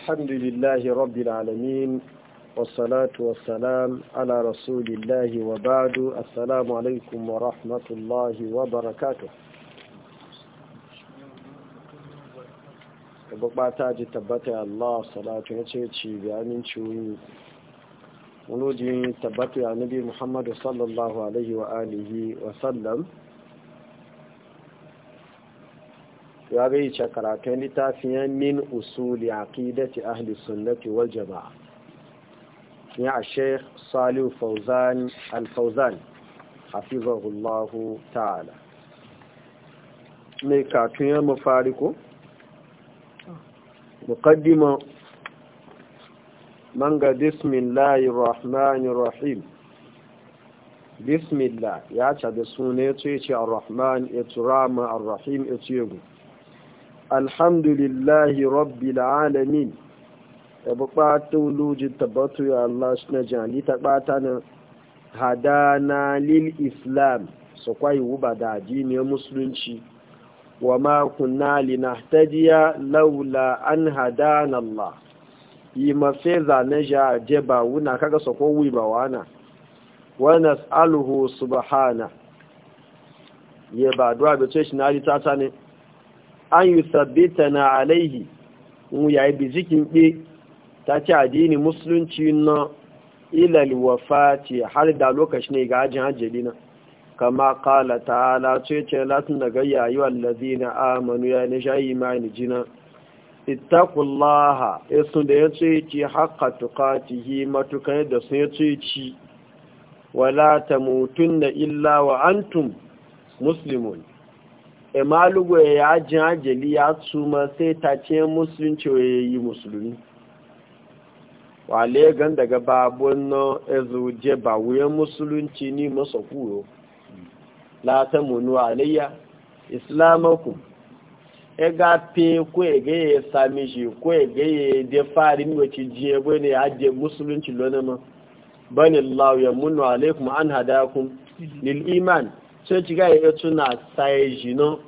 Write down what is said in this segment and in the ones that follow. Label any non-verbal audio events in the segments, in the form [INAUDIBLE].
الحمد لله رب العالمين والصلاة والسلام على رسول الله وبعد السلام عليكم ورحمة الله وبركاته أبقى تاجي تبتي الله يعني صلى الله عليه وسلم ya gai ce karatun littafiyan min usuli aqidati ahli sunnati wal jama'a ya a sheikh salihu fauzan al-fauzan hafizahullahu ta'ala mai katun ya mafariko muqaddima manga bismillahir rahmanir rahim bismillah ya ce da sunan ya ce ar-rahman ya turama ar-rahim ya ce alhamdulillahi rabbil alamin da bukata wulujin tabbatu ya Allah shi na jani ta bata na hadana lil islam su kwayi wuba da adiniyar musulunci wa na? tajiya laula an hadana Allah yi mafi zane je ba wuna kaga sakon ba wana wa nas'aluhu subhana ya ba duwa bai ce e shi na rita ta ne an yi sabbita na alaihi mu ya yi jikin ɗe ta ce addini musulunci na ilal wafati har da lokacin ne ga ajin hajjali na kama kala ta'ala ce ce latin da gayya yi wallazi na amanu ya ne shayi ma ni jina ittakullaha esun da ya ce ci haqqa yi matukan da sun ya ce ce wala tamutunna illa wa antum muslimun imalugu ya ajin ajali ya tsuma sai ta ce musulunci ya yi musulmi wale gan daga babun na ezuje ba wuyan musulunci ni masa kuro la ta munu alayya islamakum e ga pe ko e ga ya sami shi ko e ga ya de fari ni wace jiye bane ya je musulunci lona ma bani allah ya munu an hadakum lil iman sai ci gaya ya tuna saye jino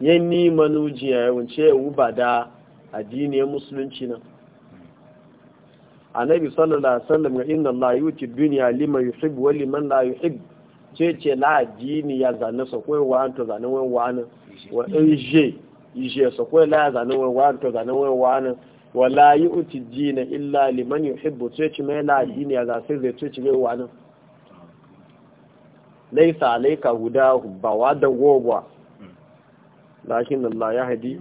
yan ni manuji ya yawance ya wuba da addiniyar musulunci nan annabi sallallahu alaihi wasallam ga inna allaha yuti duniya liman yuhibbu wa liman la yuhibbu ce ce la ya zanne so koyi wa wa wa so la wa wa wa wa la yuti dina illa liman ce ce la addini ya sai zai ce ce wa laisa alaika guda ba wa da gogwa lakin Allah ya hadi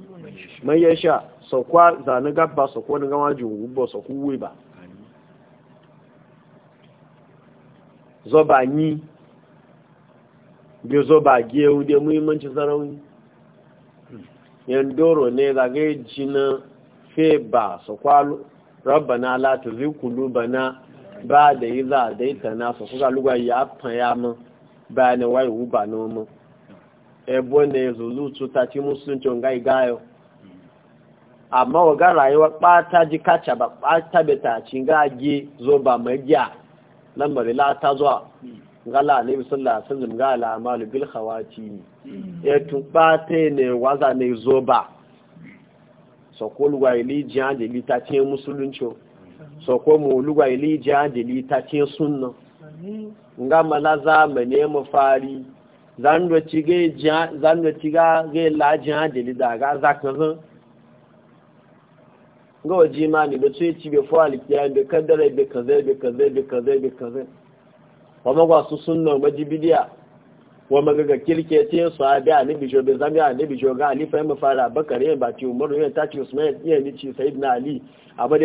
mai ya sha sokwa kwa zani gaba so kwa nga waju gubo so kuwe ba zo ba ni bi zo ba ge muhimmanci sarauni yan doro ne zagaye jina fe ba rabba na rabbana la tuzigh qulubana ba da yi za daita na so lugwa ya fanya bayanin wayewu ba noma ebo ne ya zulu cuta ci musulunci ga igayo amma waga rayuwa ɓata ji kaca ba beta ci zo ba la gala ne bisalla sallam ga al'amalu bil hmm. e ne waza ba ili ta mu luwa ili ta sunna nga ma na mu fari zanwa ci ga ga lajin hajjali da ga zakarin ga waje ma ne da su yi cibe fuwa alikiya da kaddara da kaza da kaza da kaza da kaza wa magwasu sunna majibidiya wa ga kirke ce su a biya ne bijo ga alifa mafara bakar yin ba umaru ya ta usman ni ali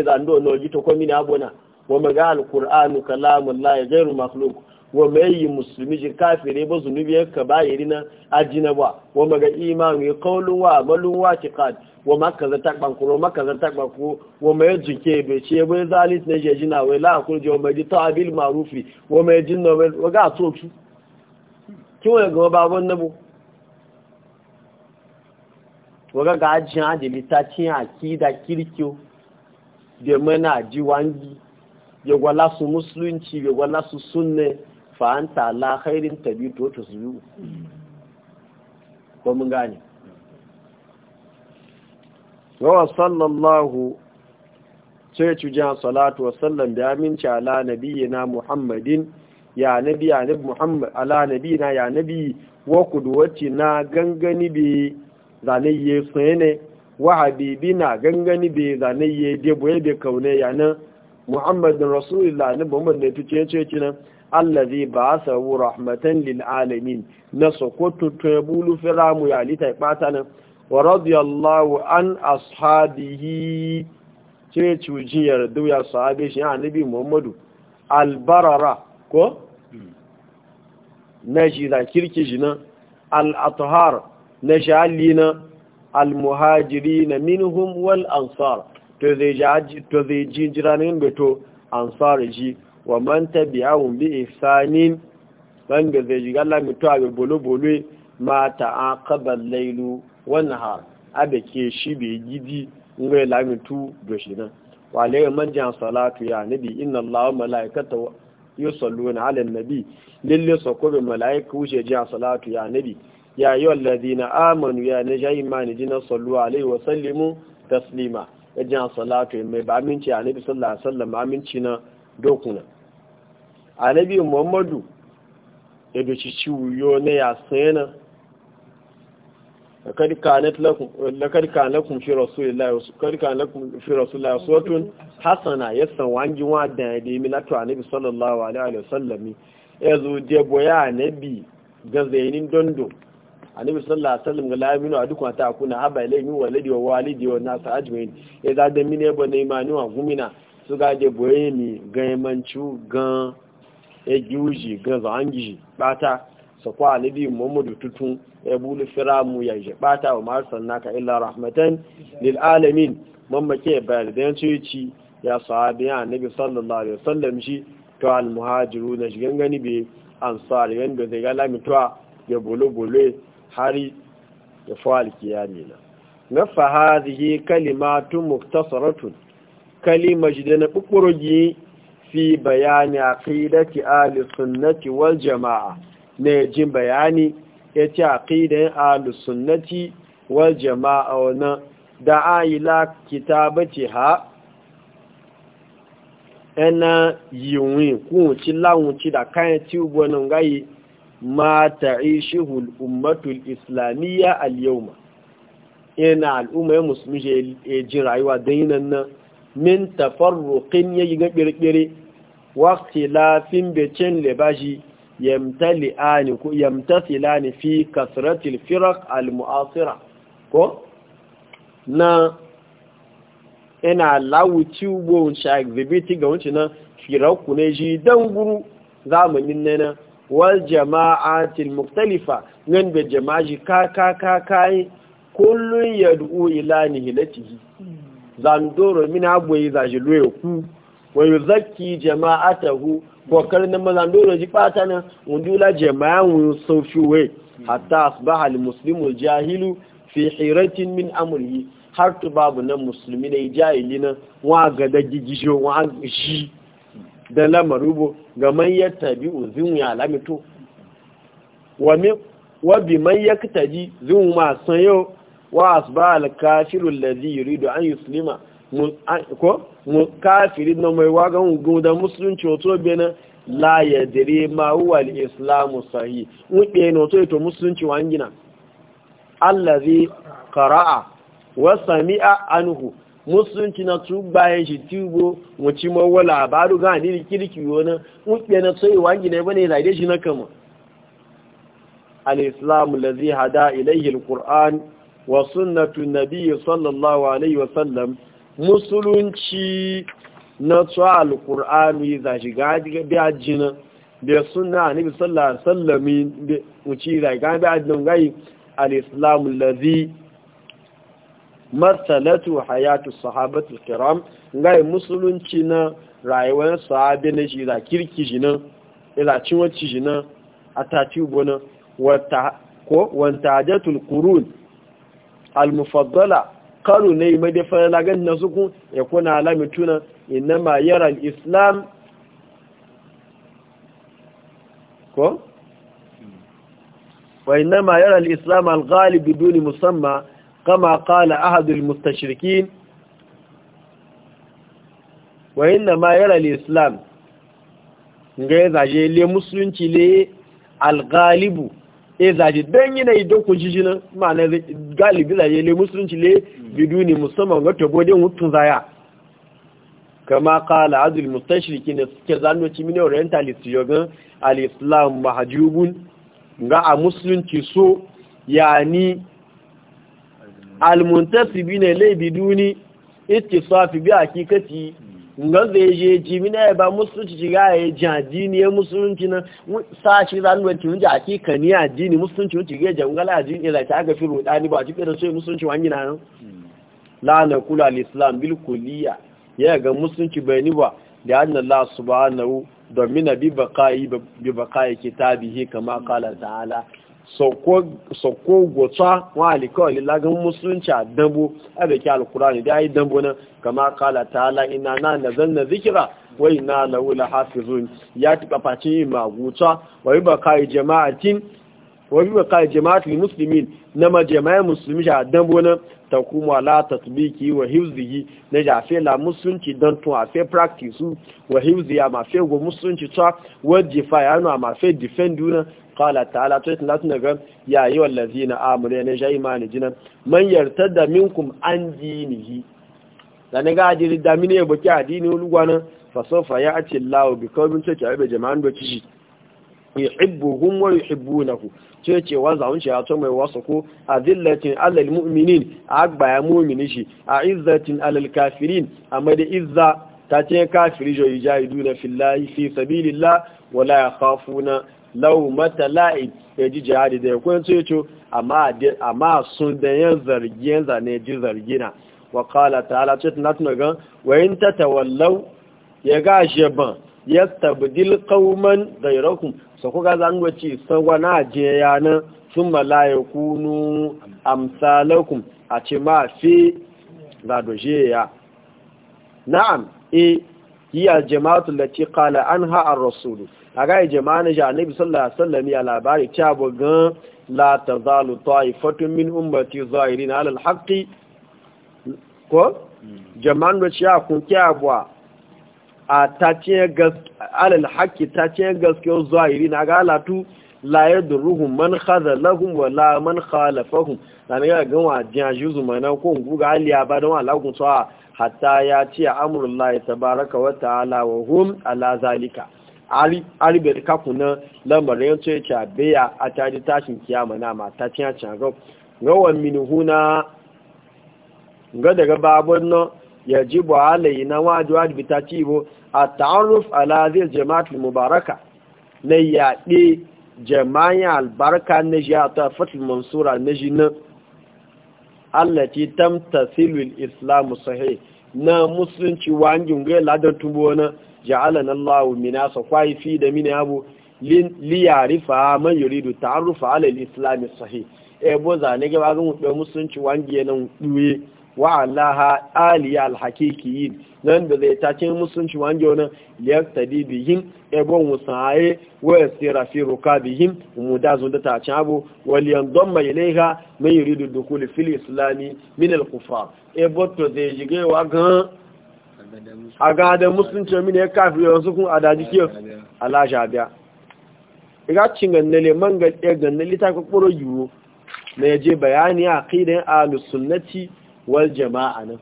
zando to abona wa ga alkur'anu kalamun la gairu makhluk wa mai musulmi ji kafire ba zunubi ya ka bayiri na ajina ba wa maga imanu ya qawlu wa amalun wa tiqad wa za takban kuro za takban kuro wa mai jike be ce bai zalit ne je jina wai la akul je mai ta'abil marufi wa mai jinna wa ga to ki ki wa ga babon nabo wa ga ga ajin adili ta cin akida kirkiyo da mana ji wangi ya gwala su musulunci ya gwala su sunne fa'anta la khairin tabito ta su ko mun gani wa sallallahu sai cujan salatu wa sallam da aminci ala nabiyyina muhammadin ya nabi ya nabi muhammad ala nabiyina ya nabi wa kuduwaci na gangani bi zanayye sunne wa habibina gangani bai zanayye debo ya bai kaune ya nan muhammadin rasulullah ne ba mun fice ce ci nan allazi ba'asa wa rahmatan lil alamin na sokoto to bulu firamu ya lita bata nan wa radiyallahu an ashabihi ce cuji yarda ya sahabe shi annabi muhammadu albarara ko na shi da kirki shi nan al-athhar na shi alli na al-muhajiri na minhum wal ansar to zai ji jiranin beto ansari ji wa man tabi'ahum bi ihsanin wanda zai ji gala mutu abe bolo-bolo ma ta'aqaba lailu wan nahar abe ke shi be gidi ngai lamitu do shi nan wa lai man jan salatu ya nabi inna Allahu malaikatahu yusalluna 'ala an-nabi lille sokobe mala'ika wuce jan salatu ya nabi ya ayyuhallazina amanu ya najayimani jinas sallu alaihi wa sallimu taslima ya jan salatu mai ba aminci a nabi sallallahu alaihi wasallam aminci na dokuna a nabi muhammadu ya doci ciwuyo ne ya sayana lakar kanakun fi rasulullahi sotun hasana ya san wangi wa da ya demi latu a nabi sallallahu alaihi wasallami ya zo jebo ya nabi ga zainin dondo annabi sallallahu alaihi wasallam ga laminu a duk wata kuna haba ilaimi walidi wa walidi wa nasa ajmain ya za da mine ba na imani wa gumina su ga je boye mi ga yamancu ga ya giwuji ga zangi bata so kwa alibi muhammadu tutun ya bulu firamu ya je bata wa marsan naka illa rahmatan lil alamin mamake bayar da yanci ya sahabi annabi sallallahu alaihi wasallam shi to al muhajiru na shi gangani be ansar yanda zai ga lamituwa ya bolo bolo har ya fa'al kiyami na na fahazihi kalimatu muktasaratun kalima jide na fi bayani aqidati ahli sunnati wal jama'a ne jin bayani yace aqidan ahli sunnati wal jama'a wannan da'a ila kitabati ha ena yiwin kun ci da kayan ci nan gayi ma ta'ishihu al'ummatul islamiyya al-yawma ina ya musulmi ya ji rayuwa don yinan nan min tafarruqin yayi ga kirkire waqti lafin becin libashi yamtali'ani ko yamtasilani fi kasratil firaq al-mu'asira ko na ina lawuci ugbon sha exhibit ga wuce na firaku ne shi dan guru zamanin ne na wal jama'atil muktalifa nan da jama'i ka ka ka kai kullun yad'u ila nihilatihi zandoro min aboyi zaji loye ku wa yuzakki jama'atahu kokar na mazandoro ji fata nan undula jama'an sofi we hatta asbaha al muslimu jahilu fi hiratin min amrihi har tu babu nan musulmi ne jahili wa gada gigijo wa shi da lamarubo ga manyan ya tabi uzin ya lamito wa bi man ya kitaji zin masan yau wa asba alkafiru lazi yuridu an yuslima ko mu kafiri na mai wagan gudan musulunci wato benin la ya dire ma huwa al-islamu sahi wuɗe na wato ito musulunci wangina allazi qara'a wa sami'a anhu musulunci na tu bayan shi tubo mawala. mawa labaru ga ni kirki wani wuce na tsaye wangi ne bane zaide shi na kama al-islam allazi hada ilayhi al-qur'an wa sunnatu nabiyyi sallallahu alaihi wa sallam musulunci na tu al-qur'an yi za shi ga biya jina da sunna annabi sallallahu alaihi wa sallam ci za ga biya jina ga al-islam allazi martalatu hayatu sahabatu kiram ngai musulunci na rayuwar sahabi na shi da kirki shi nan ilacin wacce shi nan a tafi gona wanta hajjatul kurun almufaddala karu ne mai dafa lagan na suku ya kuna alamituna ma yaran islam ko wa inama yaran islam al-ghalib biduni musamman kama kala ahadul mustashrikin wa inna ma yara islam ga ya zaje le musulunci le algalibu ya zaje don yana idon kunshi shi nan ma'ana galibi zaje le musulunci le biduni musamman ga tabodin hutun zaya kama kala azul mustashiriki da suke zanoci mini orientalist yogan al-islam mahajubun ga a musulunci so yani bi ne laifi duni ittisafi bi hakikati ngan zai je ji mina ya ba musulunci shiga ya ji addini ya musulunci na sashi zan wanci a hakika ni addini musulunci wunci ga jangala addini da ta ga fi ni ba a cikin da sai musulunci wani na nan la na kula al-islam bil kulliya ya ga musulunci bai ni ba da anna Allah subhanahu domin bi baqai bi baqai kitabihi kama qala ta'ala sokko gotsa wa alikawali lagun musulunci a dambo a da ke alkurani da ya yi dambo nan kama kala ta ala ina na nazar na zikira wai na laula hafizun ya tuka facin yi magutsa wai ba kayi jama'atin wani ba kai jama'atul na majama'ai musulmi a dan bona ta kuma la tatbiki wa hifzihi na ja fe la musulunci don tun a fe practice wa hifzi ya ma fe go musulunci ta wa ya nuna ma fe defendu na qala ta'ala to tana daga ya ayu allazina amanu ne ja imani jinan man da minkum an dinihi dan ga ajiri da mine baki adini ulugwana fa ya ya'ti Allahu bi qawmin ta ta'abe jama'an da kishi yuhibbuhum wa yuhibbunahu ce ce wa zaun ce ya to mai wasu ko azillatin alal mu'minin agba ya mu'mini shi a izzatin alal kafirin amma da izza ta ce kafiri jo yujahidu na fillahi fi sabilillah wala yakhafuna lau mata la'in ya ji jihadi da ya kwanci ya ce amma sun da yin zargin zane ji zargina wa kala ta halarci na tunagan wayin ta tawallau ya gashe ban ya tabdil kauman gairakun su kuka zanwaci sanwa na je yana sun malaye kunu amsalakun a ce ma fi zadoshe ya na'am e eh, yi aljama'atu lati kala an ha'ar rasulu a ga jama'a na janibi sallallahu alaihi wasallam ya labari cewa bugan la tazalu ta'ifatun min ummati zahirin ala alhaqi ko jama'an da cewa kun kyawa a tace gas ala alhaqi tace gaskiyar zahirin a ga latu la yadruhum man lahum wa la man khalafahum dan ga ga wa jaju zumana ko guga aliya ba don alagun tsawa hatta ya ce amrullahi tabaraka wa ta'ala wa hum ala zalika aribe kakunan lamarin su ya abeya a tari tashin kiyama na mata fiye can rawan minihuna ga daga babon nan ya ji ba halayi na wajewa da bita cibo a ta'arruf ala a jama'atul mubaraka na yaɗe jama'in albarka na shi a tafatul mansura na shi nan allaci tamta silwil islamu sahi na musulunci wangin gai ladar tubo na ja'alana Allahu mina safai fi da mini abu li yarifa man yuridu ta'arrufa ala al-islam as-sahih e bo za ne ga mu da musulunci wangiye nan duye wa alaha aliya alhakikiyin nan da zai tacin musulunci wange wani liyaktadi bihim ebon wusaye wa yasira fi ruka bihim mu da zun da abu wal yandon mai laiha yuridu dukuli fil islami min al-kufar ebo to zai jigewa gan a gadon musulunci mini ya kafin yawan sukun a daji ke alasha biya iga cin gannale man ga ɗaya gannale ta kwakwaro yiwu na yaje bayani a kidan alusunnati wal jama'a nan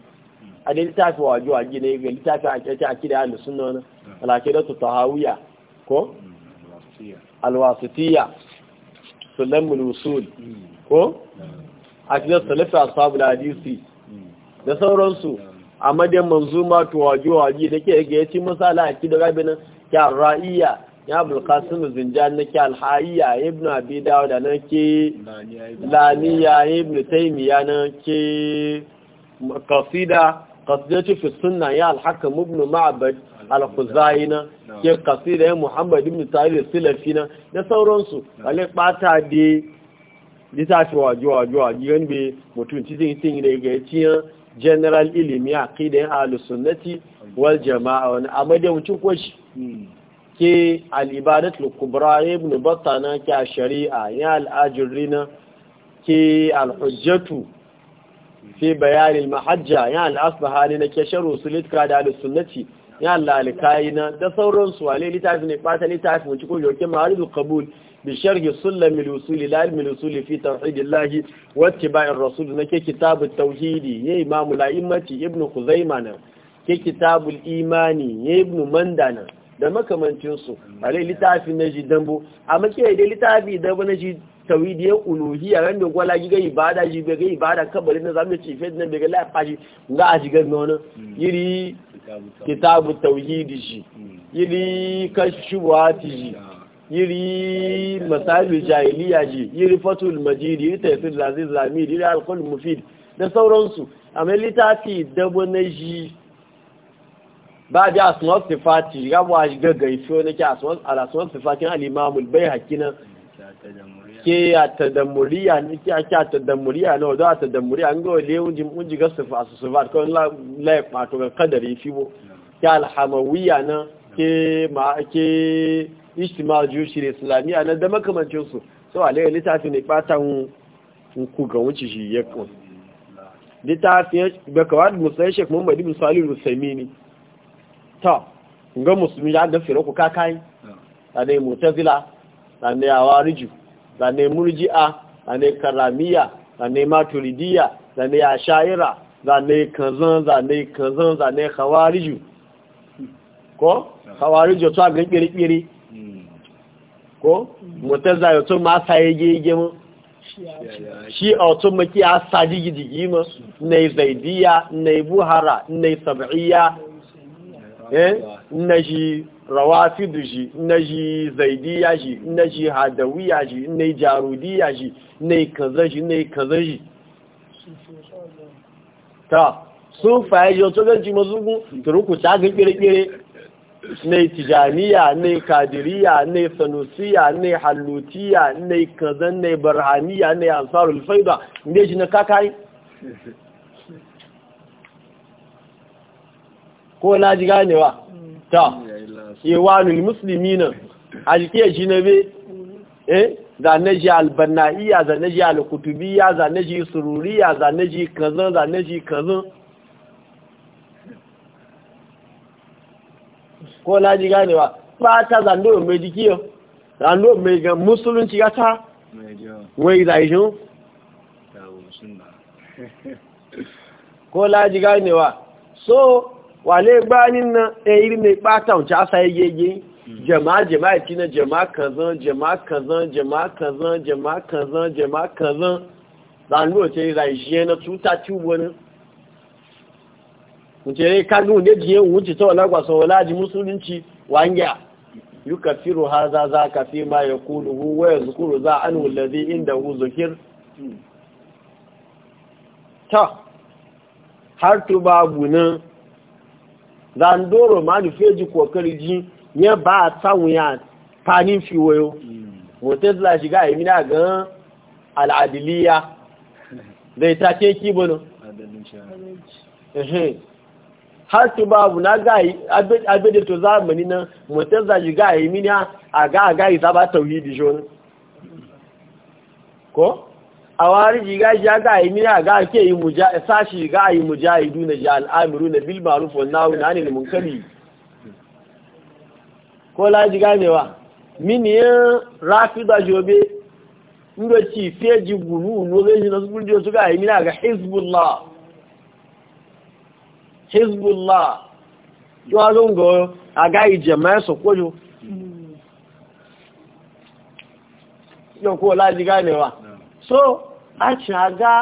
a da littafi wajo a gina ga littafi a kyauta a kidan alusunna wani alakidatu tahawiya ko alwasitiya sulamul usul ko a kidan salafi ashabul hadisi da sauransu a madan manzuma to waje waje da ke ga yaci misali a ki da rabin ya ra'iya ya abul qasim zinjan na ke alhaiya ibnu abi dawud na ke laniya ibnu taymiya na ke qasida qasidatu fi sunna ya al-hakim ibn ma'bad al-khuzai na ke qasida ya muhammad ibn tahir silafi na da sauransu alai bata de litafi waje waje waje ganbe mutum cikin cikin da ga yaci general ilimi a kidan alusunnati wal jama'a wani a madawancin kwashi ke al'ibadat lukubra ibn battana ke a shari'a ya al'ajirri na ke al'ujjatu fi bayanin mahajja ya al'asbahani na ke sharu su litka da alusunnati ya al'alikayi na da sauransu wale littafi ne fata littafi wancin kwashi بشرح سلم الوصول إلى علم الوصول في توحيد الله واتباع الرسول نكي كتاب التوحيد يا إمام الأئمة ابن خزيمة كي كتاب الإيمان يا ابن مندنا da makamancinsu a dai littafi na ji dambo a ke da littafi da na ji tawidiyar uluhiyya ran da gwala giga ibada ji bai ga ibada kabari na zamu ci fe na bai ga lafa ji ga a jigar na wani yiri kitabu tauhidi shi yiri kashuwa ti shi yiri masabi jahiliya ji yiri fatul majid yiri taifin aziz lamid yiri alqul mufid da sauransu amma litafi dabo na ji ba bi asma sifati a wa gaga iso ne ke a al asma sifatin bai imam al bayhaqi na ke atadamuriya ne ke ake tadamuriya na wadda tadamuriya an gawa wale unji unji ga sifa su sifat kawai laif ma ga kadari fi bo ke alhamawiya na ke ma ijtima jushi islamiyya na da makamancin su so alayhi littafi ne fatan ku ga wuce shi ya kun littafin ga kawad musayi shek muhammad ibn salih rusaimini ta ga musulmi ya da firo ku kakai ta ne mutazila da ne awariju da ne murji'a da ne karamiya da ne maturidiya da ne ashaira da ne kanzan da ne kanzan da ne khawariju ko khawariju to ga kirkiri ko mutazila ya tun ma saye gege mu shi a tun maki a sa jigidigi mu na zaidiya na buhara na sab'iyya na shi rawafidu shi na shi zaidiya shi na shi hadawiya shi na jarudiya shi na kaza shi na kaza shi ta sun faye shi otu ganci mazugun turuku ta ga kere-kere ne tijaniya ne kadiriya ne sanusiya ne hallutiya ne kazan ne barhaniya ne ansarul faida ne shi na kakai ko na ji ganewa ta iwanul musulmi nan a jike shi na be eh zane ji albana'iya zane ji alkutubiya zane ji sururiya zane ji kazan zane ji kazan ko laji ganewa ba ta zando mai jikiyo zando mai ga musulunci ya ta wai zaishin ko laji ganewa so wale gbanin nan ɗayiri eh, mai ɓata wuce asa yagege jama'a jama'a ti na jama'a kazan jama'a kazan jama'a kazan jama'a kazan jama'a kazan zando ce zaishin na tuta tubo wani. wuce kanu ne jiye wuce ta wala gwa sau ji musulunci wangiya yi kafiru ha za za ka fi ma ya kulu huwa waya zukuru za an wulazi inda hu zukir ta har tu babu n doro ma fe ji kokari ji ya ba a samun ya fanin wayo motes hmm. zila shiga a yi mina gan al'adiliya [LAUGHS] zai ta ke kibonin har su babu na gayi abin da to zamani nan mutum zaji gayi mini a ga a gayi ta ba tauhidi shoni ko a wari jiga shi ya gayi mini a ga ke yi sashi gayi mujahidu na ji al'amiru na bil maruf wa nahu na ne munkari ko laji ji ganewa mini ya rafi da jobe ndo ci feji gulu no zai na su guljo su gayi mini a ga hizbullah hezbollah tí wọ́n lóǹgọ́ àgá ìjẹ̀mọ́ ẹ̀sùn kójú yóò kó láti newa. so a ṣe àgá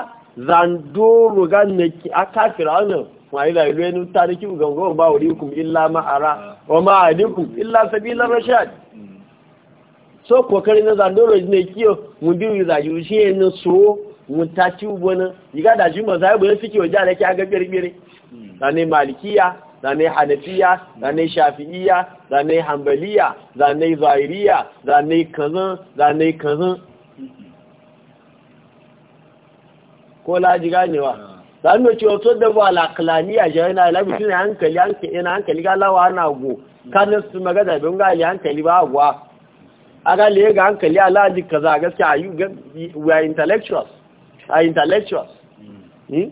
zandoro gánẹ̀kì akáfìrà ọ̀nà wọ́n ilẹ̀ ìlú ẹnu tàbí kí gbogbo bá oríkùn illa ma'ara wọ́n máa àdíkùn ilá illa rashad so kokarin na zandoro ne kiyo mun biyu zaji shi ne so mun ta ci ubona Iga da fiki aga zane malikiya zane hanafiya zane shafi'iya zane hambaliya zane zahiriya zane kazan zane kazan ko laji ganewa zane ce wato da ba alakalaniya jihar na labi suna hankali hankali hankali galawa na go kanin su magada bin gali hankali ba guwa a gali ga hankali a laji kaza gaskiya a yi intellectuals a intellectuals hmm?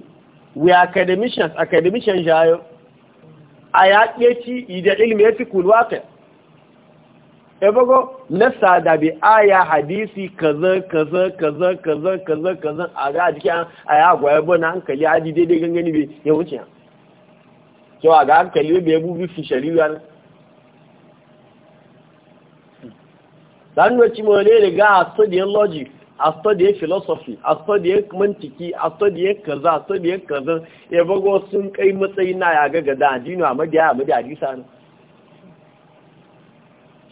we academicians academician jayo a ya ci ilmi ya fi waqi ebogo nasa da bi aya hadisi kaza kaza kaza kaza kaza kaza a ga aya a ya gwaya bana aji haji daidai gangani be ya wuce ya kyau a ga hankali bai bi fi shari'a dan wacce cimole da ga a studying logic a study philosophy a study mantiki a study kaza a study kaza ya bago sun kai matsayi na ya gaga gada addini a madiya a madiya jisa ne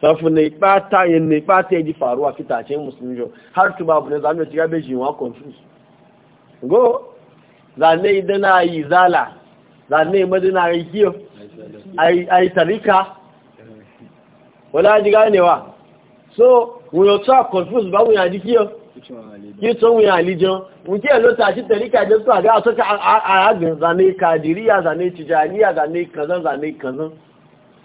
safu ne ipata yin ne ipata ya ji faruwa fitace musulun jo har tuba abu ne zamu shiga bai jiwa confuse go zane idan na yi zala zane na yi kiyo yi tarika wala ji ganewa so wuyo ta confuse ba wuya ji kiyo kitson wuya alijan nke yalo ta shi tarika da suka ga suka a a yagin zane kadiriya zane ya zane kazan zane kazan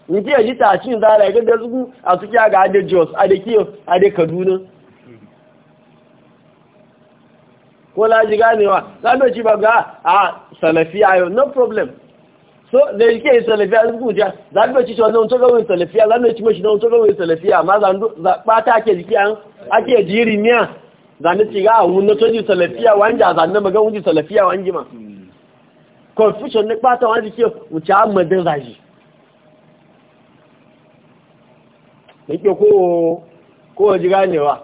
nke ya ji tashin zara ga da zugu a suke ga ade jos ade kiyo ade kaduna ko laji ganewa zanen ci ba ga a salafiya yau no problem so da yake salafiya sun kuja zanen ci shi wannan to gawo salafiya zanen ci mashi don to gawo salafiya ma zan ba ta ke jiki an ake jiri miya zane ci ga àwọn na toji salafiya wanja zane maga wunji salafiya wanji ma confusion ne pata wanji ke wuce amadin zaji da ke kowa ji ganewa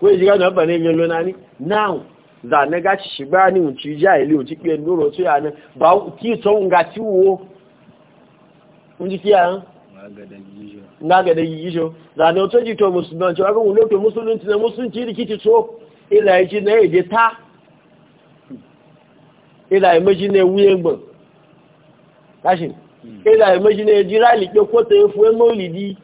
kowa ji ganewa ba ne yin lona ni now zane ga ci shiga ni wuce ja ile wuce ke nuro su yana ba ki son ga ciwo wunji kiyayen na ga da yijo da ne to jito musulunci wa gun lokacin musulunci na musulunci rikici so ila yi na yaje ta ila yi maji ne wuye gbon tashin hmm. ila yi maji ne jira like ko ta yi fuwe maulidi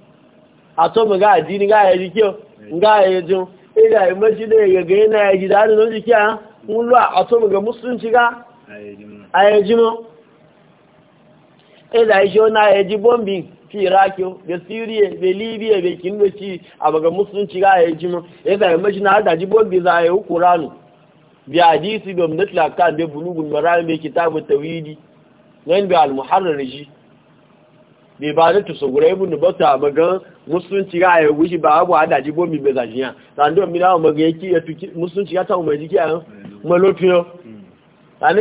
a to mu ga addini ga ya rikiyo ga ya jin ila yi maji ne ga ga yana ya ji da no rikiya mun lo a mu ga musulunci ga ayejimo ila yi na ya ji bombing ci iraki da syria da libya da kindoci a baga musulunci ga ya ji ya zai mashi na hada ji bobi za a yi kuranu bi hadisi da mnat lakan da bulugun marar mai kitabu tawidi nan bi al-muharrar shi bi ba da tuso gura ibn bata baga musulunci ga ya gushi ba abu hada ji bobi bai zaji jiya dan a mi maga yake ya tuki musulunci hmm. hmm. ya ta mu jiki a malofiyo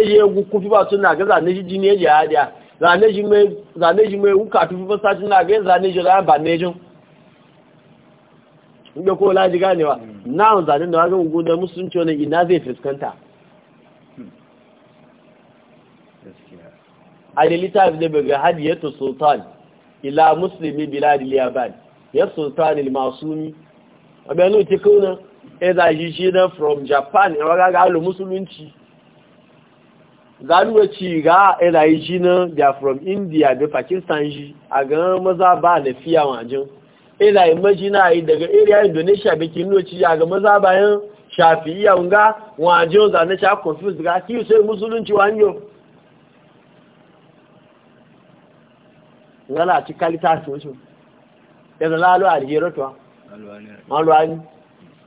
yi ye gukufi ba suna gaza ne jini ya ya zane ji mai wuka tufi fasashin na ga zane ji rayan ba ne jin inda ko laji ganewa hmm. na zane da wajen gugu da musulunci wani ina zai fuskanta hmm. a da lita da daga hadiyatu sultan ila musulmi biladi liyaban ya sultan ilmasumi abinu tikuna ya eh, zaji shi na from japan ya waga alu musulunci zaluwa ci ga irayi ji nan da from india da pakistan ji a ga maza ba da fiya wajen irayi majina yi daga area indonesia da ke noci a ga maza bayan shafi'iya nga wajen zane sha ga ki sai musulunci wanyo ci kalita su a rigero to malwani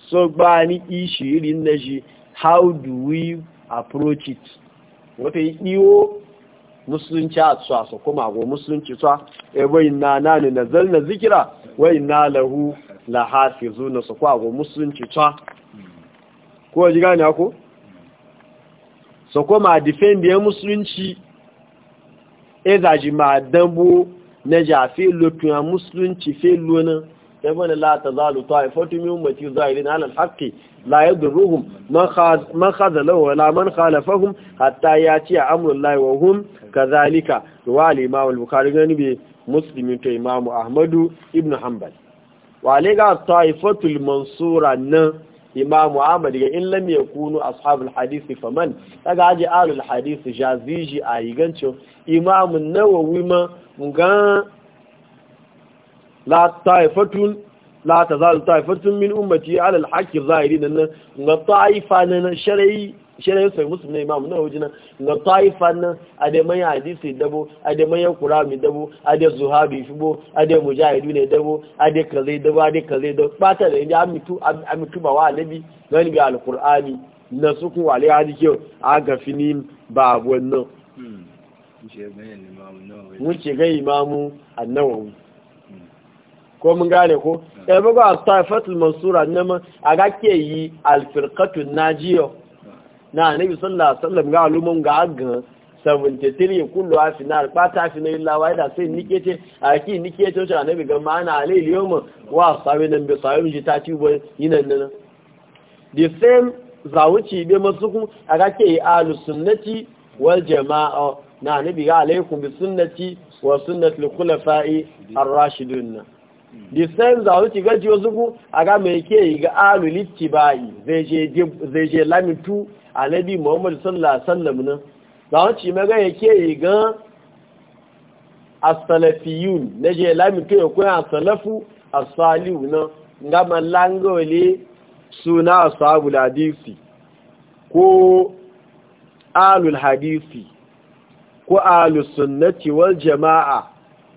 so gba ni na shi how do we approach it wata yi ɗiwo musulunci a tsuwa su kuma go musulunci tsuwa e wai na na na zalna zikira wai na lahu la hafi zuna su kuma go musulunci tsuwa ko ji gane ako, su kuma defend ya musulunci e zaji ma dambo na jafe lokuna musulunci fe lona sai mana la ta zalu ta yi fotu min umarci la ya duruhun man haza lawa la man halafahun hatta ya ci a amurin laiwahun ka zalika wa limawa bukari gani bai musulmi ta imamu ahmadu ibn hanbal wale ga ta yi fotu mansura na imamu ahmad daga in lam ya kunu ashabul hadisi faman daga aji alul hadisi jaziji a yi gancin imamu nawawi ma ga la taifatun la tazalu taifatun min ummati ala al-haqqi zahirin nan ga taifa na shar'i shar'i sai musulmi imam na wajina ga taifa nan ade ya hadisi dabo ade mai qur'ani dabo ade zuhabi fibo ade mujahidi ne dabo ade kaze dabo ade kaze dabo fata da inda amitu amitu ba wa nabi gani bi al-qur'ani na suku wale hadisi a gafinin ba wannan mun ce ga imamu annawawi ko mun gane ko ɗaya bugu a saifatul mansura nema a ga ke yi alfirkatun najiyo na anabi sallallahu alaihi wasallam ga alumun ga aga 73 kullu a final kwata fi na illawa da sai nikete a ki nikete ce wacce anabi ga ma'ana alayil yawma wa sabi nan bi sabi ji ta tubo yinan nan the same zawuci be masu kun a ga ke yi ahlus sunnati wal jama'a na anabi ga alaikum bi sunnati wa sunnati al khulafa'i ar-rashidun disenza wuce gaji wasu ku a ga mai ke yi ga aluliti bayi zai je lamitu a nabi muhammadu sallallahu alaihi wasallam nan za wuce maga ya ke ga asalafiyun na je lamitu ya kuna asalafu asaliu nan ga malangole suna asabul hadisi ko alul hadisi ko alus sunnati wal jama'a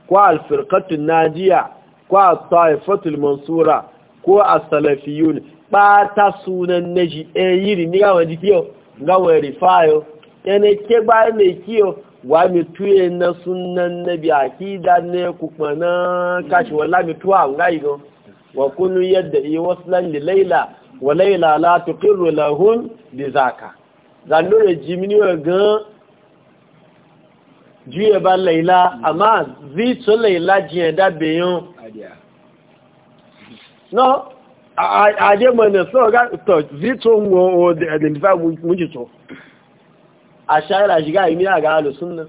ko alfirkatun najiya ko a taifatul mansura ko a salafiyun ɓata sunan na ji e yiri ni gawa jikiyo kiyo gawa rifayo ene ke ba ne kiyo wa mi tuye na sunan na biya kida ne kuma na kashi wala mi tuwa ga yi don wa kunu yadda iya wasu lan laila wa laila la tuqirru lahun bi zaka zalure jimini ga juye ba laila amma zi to laila jiyan da beyon. no aje mana so ga to zito mo identify muji to a shayar shiga imi na ga ahlus sunna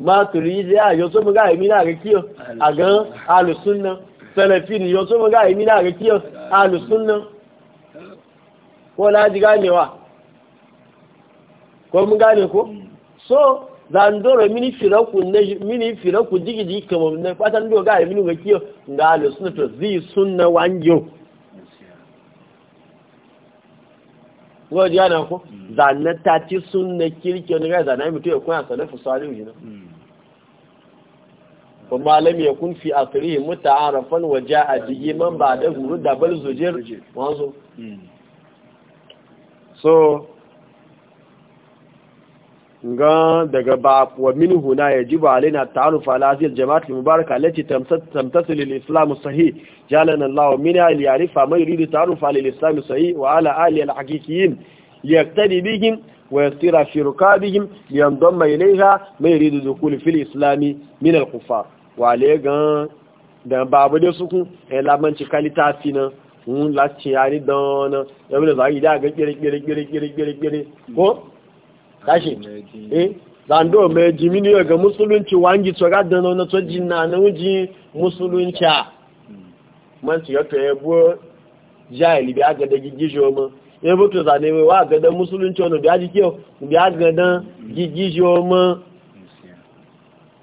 ma turidi a yo so ga imi na ga kiyo a ga ahlus sunna salafin yo so ga imi na ga kiyo ahlus sunna ko la ji wa? ko mu gane ko so zandoro mini firaku ne mini firaku ka mun ne fatan do ga mini wakiyo ga le sunna to zi sunna wanjo ngo ji ana ko mm. zanna ta ti sunna kirki ne ga zanna mutu ya kuna salafu salihu ne ko mm. malami ya kun fi asrihi muta'arafan wa ja'a bihi man ba'dahu da bal zujir wanzo mm. so Gan daga ba wa min huna yajibu alaina ta'aruf ala hadhihi al-jama'at al-mubaraka allati tamtasil lil-islam sahih jalana Allah minha liya'rifa man yuridu ta'aruf ala al-islam sahih wa ala ahli al-haqiqiyyin liyaqtadi bihim wa yastira fi rukabihim liyandamma ilayha man yuridu dukhul fi al-islam min al-kuffar wa alega da babu e da suku elamanci kalita fina un lati yani don yabi da zai da ga kire kire kire kire kire ko kashi eh zando mai jimini ga musulunci wangi tsoga da na tsojin na nauji musulunci a man su yato ya buwa jahili bi aga da gigishi omen ya to zane wa ga da musulunci ono bi aji kiyo bi da gigishi omen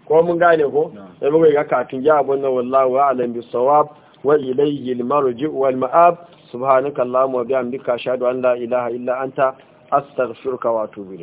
ko mun gane ko ya bu ga katin ja abu na wallahu alam bi sawab wa ilayhi al-marji wal ma'ab subhanaka allahumma wa bihamdika ashhadu an la ilaha illa anta astaghfiruka wa atubu